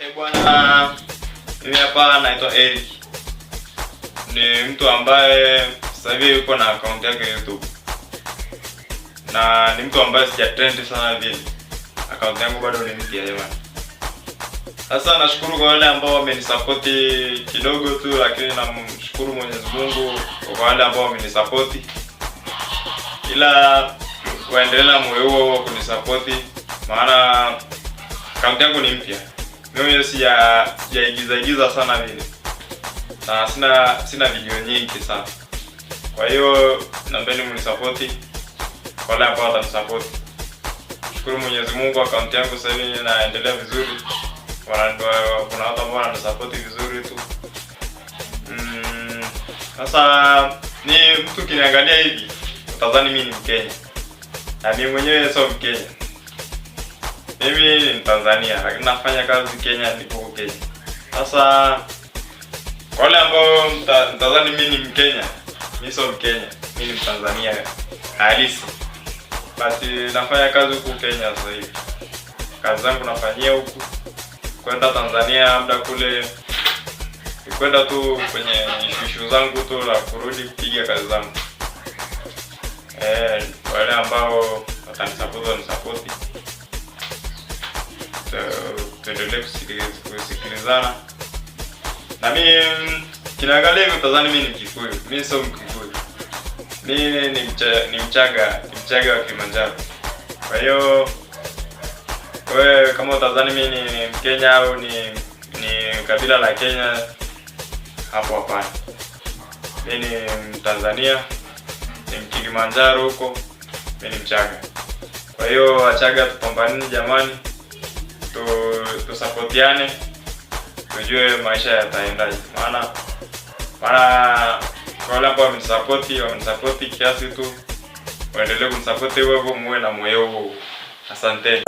E bwana, mimi hapa naitwa Eric, ni mtu ambaye sasa hivi yuko na akaunti yake YouTube na ni mtu ambaye sija sana vile, akaunti yangu bado ni mpya jamani. Sasa nashukuru kwa wale ambao wamenisapoti kidogo tu, lakini namshukuru Mwenyezi Mungu kwa wale ambao wamenisapoti, ila waendelee moyo huo huo maana akaunti yangu ni mpya mimi siya sijaigiza sana vile na sina sina video nyingi sana, kwa hiyo naombeni mnisapoti wale ambao watanisapoti. Shukuru Mwenyezi Mungu, akaunti yangu sasa hivi inaendelea vizuri, kuna watu ambao wananisapoti vizuri tu. Mm, sasa mm, ni mtu kiniangalia hivi utadhani mimi ni Mkenya na mimi mwenyewe sio Mkenya mimi ni Tanzania lakini nafanya kazi Kenya, nipo Kenya. Sasa wale ambao mta, mtazani mimi ni Mkenya, mimi sio Mkenya, mimi ni Mtanzania halisi, basi nafanya kazi huku Kenya. Sasa hivi kazi zangu nafanyia huku, kwenda Tanzania muda kule kwenda tu kwenye ishu zangu tu la kurudi kupiga kazi zangu. Eh, wale ambao watanisapoti watanisapoti tuendelee kusikilizana na mi kinaangalia hivyo tazani, mi ni kikuyu mi sio Mkikuyu, mi ni mcha, ni Mchaga, ni Mchaga wa Kilimanjaro. Kwa hiyo wewe kama utazani mi ni, ni Mkenya au ni ni kabila la Kenya, hapo hapana. Mi ni Mtanzania, ni Mkilimanjaro huko, mi ni Mchaga. Kwa hiyo Wachaga tupambanini jamani tusapotiane, tujue maisha yataendaje. Maana maana kwa wale ambao wamenisapoti wamenisapoti kiasi tu, waendelee kunisapoti wewe, muwe na moyo huo. Asanteni.